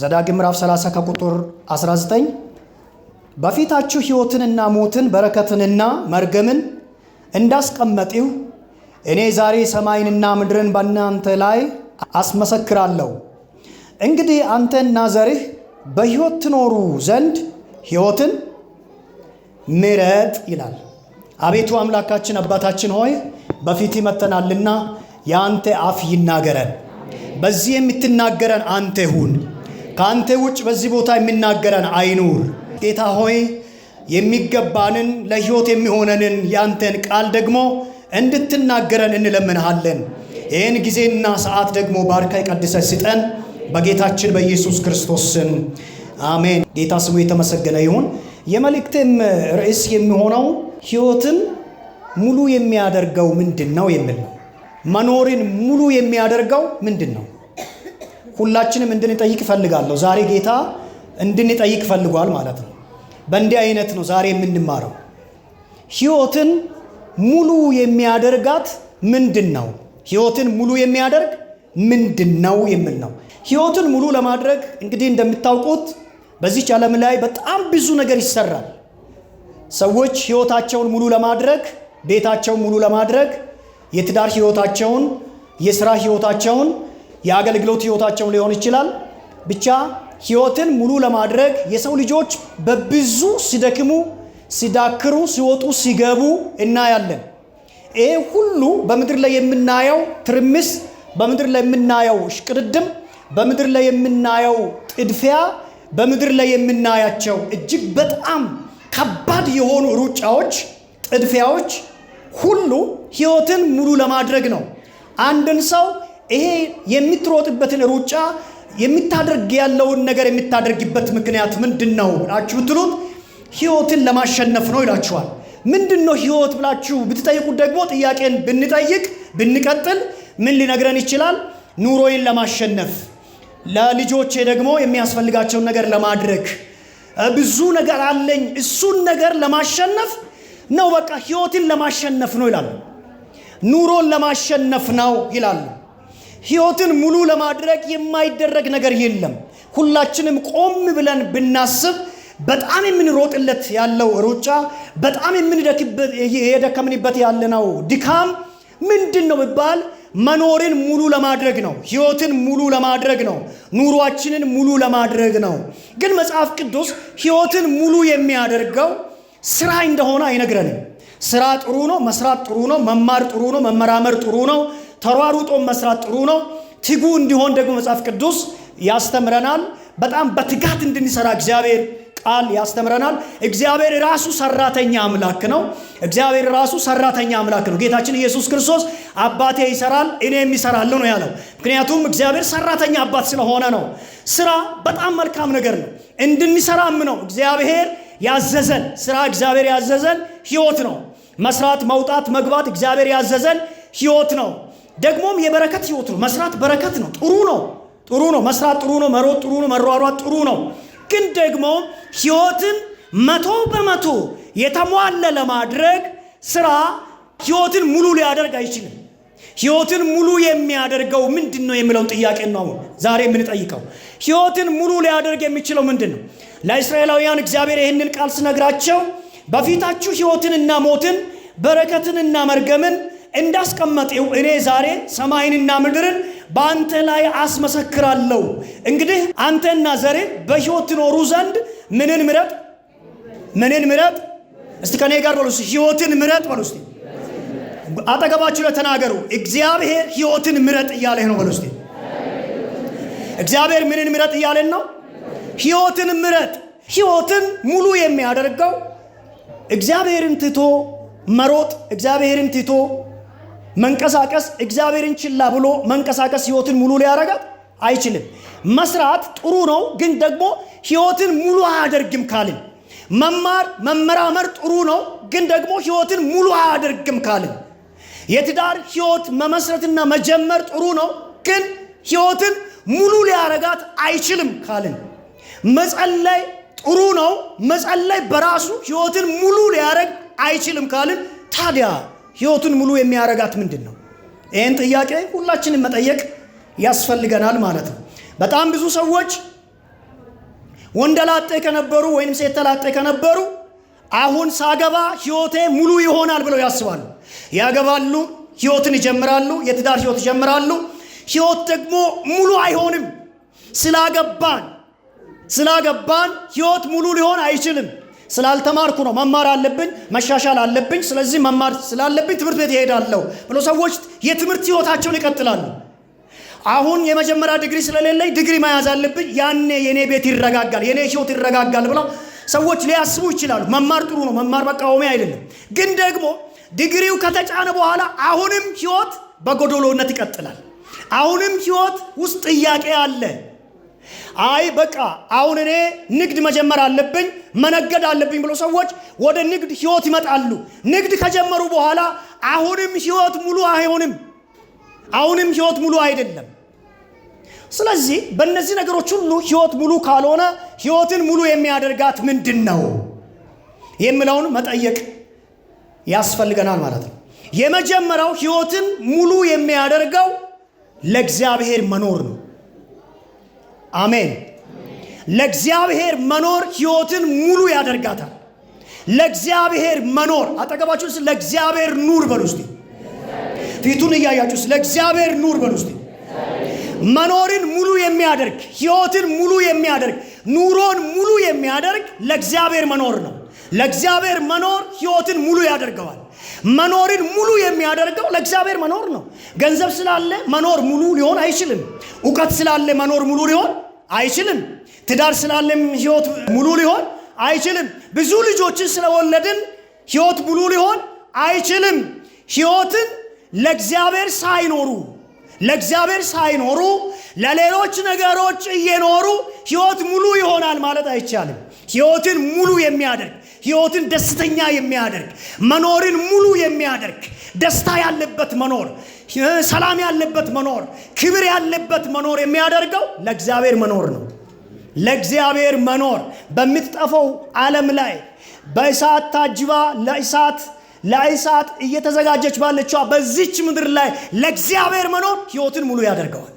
ዘዳግም ምዕራፍ 30 ከቁጥር 19 በፊታችሁ ሕይወትንና ሞትን በረከትንና መርገምን እንዳስቀመጥሁ እኔ ዛሬ ሰማይንና ምድርን በእናንተ ላይ አስመሰክራለሁ። እንግዲህ አንተና ዘርህ በሕይወት ትኖሩ ዘንድ ሕይወትን ምረጥ ይላል። አቤቱ አምላካችን አባታችን ሆይ በፊት ይመተናልና የአንተ አፍ ይናገረን። በዚህ የምትናገረን አንተ ሁን። ከአንተ ውጭ በዚህ ቦታ የሚናገረን አይኑር። ጌታ ሆይ የሚገባንን ለሕይወት የሚሆነንን ያንተን ቃል ደግሞ እንድትናገረን እንለምንሃለን። ይህን ጊዜና ሰዓት ደግሞ ባርካ ቀድሰ ስጠን፣ በጌታችን በኢየሱስ ክርስቶስ ስም አሜን። ጌታ ስሙ የተመሰገነ ይሁን። የመልእክትም ርዕስ የሚሆነው ሕይወትን ሙሉ የሚያደርገው ምንድን ነው የሚል ነው። መኖርን ሙሉ የሚያደርገው ምንድን ነው? ሁላችንም እንድንጠይቅ እፈልጋለሁ። ዛሬ ጌታ እንድንጠይቅ ፈልጓል ማለት ነው። በእንዲህ አይነት ነው ዛሬ የምንማረው። ህይወትን ሙሉ የሚያደርጋት ምንድን ነው? ህይወትን ሙሉ የሚያደርግ ምንድን ነው የሚል ነው። ህይወትን ሙሉ ለማድረግ እንግዲህ እንደምታውቁት በዚች ዓለም ላይ በጣም ብዙ ነገር ይሰራል። ሰዎች ህይወታቸውን ሙሉ ለማድረግ ቤታቸውን ሙሉ ለማድረግ የትዳር ህይወታቸውን የሥራ ህይወታቸውን? የአገልግሎት ህይወታቸው ሊሆን ይችላል። ብቻ ህይወትን ሙሉ ለማድረግ የሰው ልጆች በብዙ ሲደክሙ፣ ሲዳክሩ፣ ሲወጡ፣ ሲገቡ እናያለን። ይህ ሁሉ በምድር ላይ የምናየው ትርምስ፣ በምድር ላይ የምናየው ሽቅድድም፣ በምድር ላይ የምናየው ጥድፊያ፣ በምድር ላይ የምናያቸው እጅግ በጣም ከባድ የሆኑ ሩጫዎች፣ ጥድፊያዎች ሁሉ ህይወትን ሙሉ ለማድረግ ነው። አንድን ሰው ይሄ የምትሮጥበትን ሩጫ የምታደርግ ያለውን ነገር የምታደርግበት ምክንያት ምንድን ነው ብላችሁ ብትሉት ህይወትን ለማሸነፍ ነው ይላችኋል። ምንድን ነው ህይወት ብላችሁ ብትጠይቁት ደግሞ ጥያቄን ብንጠይቅ ብንቀጥል ምን ሊነግረን ይችላል? ኑሮዬን ለማሸነፍ ለልጆቼ ደግሞ የሚያስፈልጋቸውን ነገር ለማድረግ ብዙ ነገር አለኝ፣ እሱን ነገር ለማሸነፍ ነው። በቃ ህይወትን ለማሸነፍ ነው ይላሉ። ኑሮን ለማሸነፍ ነው ይላሉ። ህይወትን ሙሉ ለማድረግ የማይደረግ ነገር የለም። ሁላችንም ቆም ብለን ብናስብ በጣም የምንሮጥለት ያለው ሩጫ፣ በጣም የደከምንበት ያለነው ድካም ምንድን ነው ቢባል መኖርን ሙሉ ለማድረግ ነው። ህይወትን ሙሉ ለማድረግ ነው። ኑሯችንን ሙሉ ለማድረግ ነው። ግን መጽሐፍ ቅዱስ ህይወትን ሙሉ የሚያደርገው ስራ እንደሆነ አይነግረንም። ስራ ጥሩ ነው፣ መስራት ጥሩ ነው፣ መማር ጥሩ ነው፣ መመራመር ጥሩ ነው፣ ተሯሩጦ መስራት ጥሩ ነው። ትጉ እንዲሆን ደግሞ መጽሐፍ ቅዱስ ያስተምረናል። በጣም በትጋት እንድንሰራ እግዚአብሔር ቃል ያስተምረናል። እግዚአብሔር ራሱ ሰራተኛ አምላክ ነው። እግዚአብሔር ራሱ ሰራተኛ አምላክ ነው። ጌታችን ኢየሱስ ክርስቶስ አባቴ ይሰራል እኔም እሰራለሁ ነው ያለው። ምክንያቱም እግዚአብሔር ሰራተኛ አባት ስለሆነ ነው። ስራ በጣም መልካም ነገር ነው። እንድንሰራም ነው እግዚአብሔር ያዘዘን። ስራ እግዚአብሔር ያዘዘን ህይወት ነው። መስራት፣ መውጣት፣ መግባት እግዚአብሔር ያዘዘን ህይወት ነው። ደግሞም የበረከት ህይወት ነው። መስራት በረከት ነው። ጥሩ ነው፣ ጥሩ ነው። መስራት ጥሩ ነው። መሮጥ ጥሩ ነው። መሯሯጥ ጥሩ ነው። ግን ደግሞ ህይወትን መቶ በመቶ የተሟለ ለማድረግ ስራ ህይወትን ሙሉ ሊያደርግ አይችልም። ህይወትን ሙሉ የሚያደርገው ምንድን ነው የሚለውን ጥያቄ ነው አሁን ዛሬ የምንጠይቀው። ህይወትን ሙሉ ሊያደርግ የሚችለው ምንድን ነው? ለእስራኤላውያን እግዚአብሔር ይህንን ቃል ስነግራቸው በፊታችሁ ህይወትንና ሞትን በረከትንና መርገምን እንዳስቀመጠው እኔ ዛሬ ሰማይንና ምድርን በአንተ ላይ አስመሰክራለሁ። እንግዲህ አንተና ዘሬ በሕይወት ትኖሩ ዘንድ ምንን ምረጥ? ምንን ምረጥ? እስቲ ከኔ ጋር በሉ። ሕይወትን ምረጥ በሉ። እስቲ አጠገባችሁ ለተናገሩ እግዚአብሔር ሕይወትን ምረጥ እያለህ ነው በሉ። እስቲ እግዚአብሔር ምንን ምረጥ እያለን ነው? ሕይወትን ምረጥ። ሕይወትን ሙሉ የሚያደርገው እግዚአብሔርን ትቶ መሮጥ፣ እግዚአብሔርን ትቶ መንቀሳቀስ እግዚአብሔርን ችላ ብሎ መንቀሳቀስ ህይወትን ሙሉ ሊያረጋት አይችልም። መስራት ጥሩ ነው፣ ግን ደግሞ ህይወትን ሙሉ አያደርግም ካልን መማር መመራመር ጥሩ ነው፣ ግን ደግሞ ህይወትን ሙሉ አያደርግም ካልን የትዳር ህይወት መመስረትና መጀመር ጥሩ ነው፣ ግን ህይወትን ሙሉ ሊያረጋት አይችልም ካልን መጸለይ ጥሩ ነው፣ መጸለይ በራሱ ህይወትን ሙሉ ሊያረግ አይችልም ካልን ታዲያ ህይወቱን ሙሉ የሚያረጋት ምንድን ነው? ይህን ጥያቄ ሁላችንም መጠየቅ ያስፈልገናል ማለት ነው። በጣም ብዙ ሰዎች ወንደላጤ ከነበሩ ወይም ሴት ተላጤ ከነበሩ አሁን ሳገባ ህይወቴ ሙሉ ይሆናል ብለው ያስባሉ። ያገባሉ፣ ህይወትን ይጀምራሉ፣ የትዳር ህይወት ይጀምራሉ። ህይወት ደግሞ ሙሉ አይሆንም። ስላገባን ስላገባን ህይወት ሙሉ ሊሆን አይችልም። ስላልተማርኩ ነው መማር አለብኝ፣ መሻሻል አለብኝ፣ ስለዚህ መማር ስላለብኝ ትምህርት ቤት ይሄዳለሁ ብሎ ሰዎች የትምህርት ህይወታቸውን ይቀጥላሉ። አሁን የመጀመሪያ ዲግሪ ስለሌለኝ ዲግሪ መያዝ አለብኝ፣ ያኔ የኔ ቤት ይረጋጋል፣ የኔ ህይወት ይረጋጋል ብለው ሰዎች ሊያስቡ ይችላሉ። መማር ጥሩ ነው፣ መማር መቃወሚያ አይደለም። ግን ደግሞ ዲግሪው ከተጫነ በኋላ አሁንም ህይወት በጎዶሎነት ይቀጥላል። አሁንም ህይወት ውስጥ ጥያቄ አለ። አይ በቃ አሁን እኔ ንግድ መጀመር አለብኝ መነገድ አለብኝ ብሎ ሰዎች ወደ ንግድ ህይወት ይመጣሉ። ንግድ ከጀመሩ በኋላ አሁንም ህይወት ሙሉ አይሆንም። አሁንም ህይወት ሙሉ አይደለም። ስለዚህ በእነዚህ ነገሮች ሁሉ ህይወት ሙሉ ካልሆነ ህይወትን ሙሉ የሚያደርጋት ምንድን ነው የሚለውን መጠየቅ ያስፈልገናል ማለት ነው። የመጀመሪያው ህይወትን ሙሉ የሚያደርገው ለእግዚአብሔር መኖር ነው። አሜን። ለእግዚአብሔር መኖር ህይወትን ሙሉ ያደርጋታል። ለእግዚአብሔር መኖር አጠገባችሁ ስ ለእግዚአብሔር ኑር በሉ እስቲ፣ ፊቱን እያያችሁ ስ ለእግዚአብሔር ኑር በሉ እስቲ። መኖርን ሙሉ የሚያደርግ ህይወትን ሙሉ የሚያደርግ ኑሮን ሙሉ የሚያደርግ ለእግዚአብሔር መኖር ነው። ለእግዚአብሔር መኖር ህይወትን ሙሉ ያደርገዋል። መኖርን ሙሉ የሚያደርገው ለእግዚአብሔር መኖር ነው። ገንዘብ ስላለ መኖር ሙሉ ሊሆን አይችልም። እውቀት ስላለ መኖር ሙሉ ሊሆን አይችልም። ትዳር ስላለም ህይወት ሙሉ ሊሆን አይችልም። ብዙ ልጆችን ስለወለድን ህይወት ሙሉ ሊሆን አይችልም። ህይወትን ለእግዚአብሔር ሳይኖሩ ለእግዚአብሔር ሳይኖሩ ለሌሎች ነገሮች እየኖሩ ህይወት ሙሉ ይሆናል ማለት አይቻልም። ህይወትን ሙሉ የሚያደርግ ህይወትን ደስተኛ የሚያደርግ መኖርን ሙሉ የሚያደርግ ደስታ ያለበት መኖር፣ ሰላም ያለበት መኖር፣ ክብር ያለበት መኖር የሚያደርገው ለእግዚአብሔር መኖር ነው። ለእግዚአብሔር መኖር በምትጠፈው ዓለም ላይ በእሳት ታጅባ ለእሳት ለእሳት እየተዘጋጀች ባለችዋ በዚች ምድር ላይ ለእግዚአብሔር መኖር ህይወትን ሙሉ ያደርገዋል።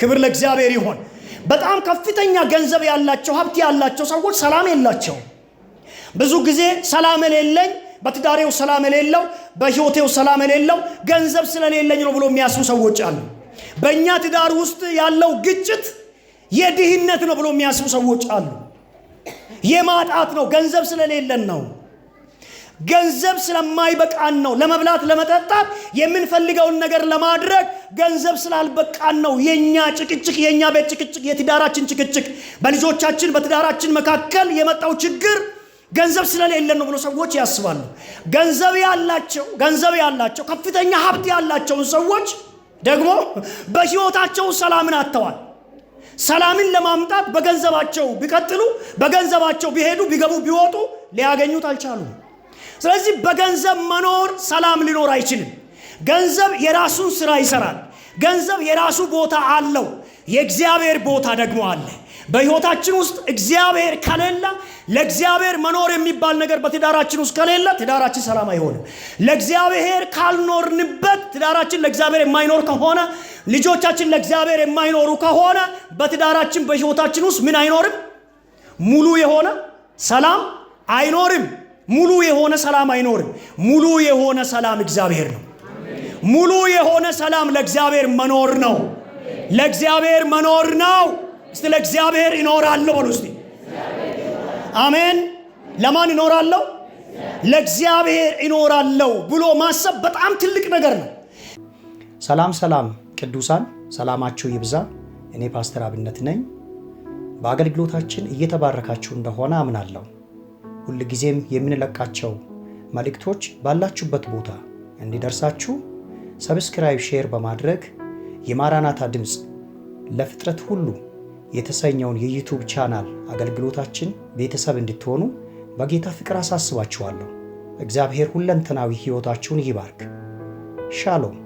ክብር ለእግዚአብሔር ይሆን። በጣም ከፍተኛ ገንዘብ ያላቸው ሀብት ያላቸው ሰዎች ሰላም የላቸውም። ብዙ ጊዜ ሰላም የሌለኝ በትዳሬው ሰላም የሌለው በህይወቴው ሰላም የሌለው ገንዘብ ስለሌለኝ ነው ብሎ የሚያስቡ ሰዎች አሉ። በእኛ ትዳር ውስጥ ያለው ግጭት የድህነት ነው ብሎ የሚያስቡ ሰዎች አሉ። የማጣት ነው፣ ገንዘብ ስለሌለን ነው፣ ገንዘብ ስለማይበቃን ነው፣ ለመብላት ለመጠጣት፣ የምንፈልገውን ነገር ለማድረግ ገንዘብ ስላልበቃን ነው። የእኛ ጭቅጭቅ፣ የእኛ ቤት ጭቅጭቅ፣ የትዳራችን ጭቅጭቅ፣ በልጆቻችን በትዳራችን መካከል የመጣው ችግር ገንዘብ ስለሌለን ነው ብሎ ሰዎች ያስባሉ። ገንዘብ ያላቸው ገንዘብ ያላቸው ከፍተኛ ሀብት ያላቸውን ሰዎች ደግሞ በሕይወታቸው ሰላምን አጥተዋል። ሰላምን ለማምጣት በገንዘባቸው ቢቀጥሉ፣ በገንዘባቸው ቢሄዱ፣ ቢገቡ፣ ቢወጡ ሊያገኙት አልቻሉም። ስለዚህ በገንዘብ መኖር ሰላም ሊኖር አይችልም። ገንዘብ የራሱን ስራ ይሰራል። ገንዘብ የራሱ ቦታ አለው። የእግዚአብሔር ቦታ ደግሞ አለ። በሕይወታችን ውስጥ እግዚአብሔር ከሌለ ለእግዚአብሔር መኖር የሚባል ነገር በትዳራችን ውስጥ ከሌለ ትዳራችን ሰላም አይሆንም። ለእግዚአብሔር ካልኖርንበት ትዳራችን ለእግዚአብሔር የማይኖር ከሆነ ልጆቻችን ለእግዚአብሔር የማይኖሩ ከሆነ በትዳራችን በሕይወታችን ውስጥ ምን አይኖርም? ሙሉ የሆነ ሰላም አይኖርም። ሙሉ የሆነ ሰላም አይኖርም። ሙሉ የሆነ ሰላም እግዚአብሔር ነው። ሙሉ የሆነ ሰላም ለእግዚአብሔር መኖር ነው። ለእግዚአብሔር መኖር ነው። እስቲ ለእግዚአብሔር ይኖራለሁ በሉ እስቲ አሜን። ለማን ይኖራለሁ? ለእግዚአብሔር ይኖራለሁ ብሎ ማሰብ በጣም ትልቅ ነገር ነው። ሰላም ሰላም፣ ቅዱሳን ሰላማችሁ ይብዛ። እኔ ፓስተር አብነት ነኝ። በአገልግሎታችን እየተባረካችሁ እንደሆነ አምናለሁ። ሁልጊዜም የምንለቃቸው መልእክቶች ባላችሁበት ቦታ እንዲደርሳችሁ ሰብስክራይብ፣ ሼር በማድረግ የማራናታ ድምፅ ለፍጥረት ሁሉ የተሰኘውን የዩቱብ ቻናል አገልግሎታችን ቤተሰብ እንድትሆኑ በጌታ ፍቅር አሳስባችኋለሁ። እግዚአብሔር ሁለንተናዊ ሕይወታችሁን ይባርክ። ሻሎም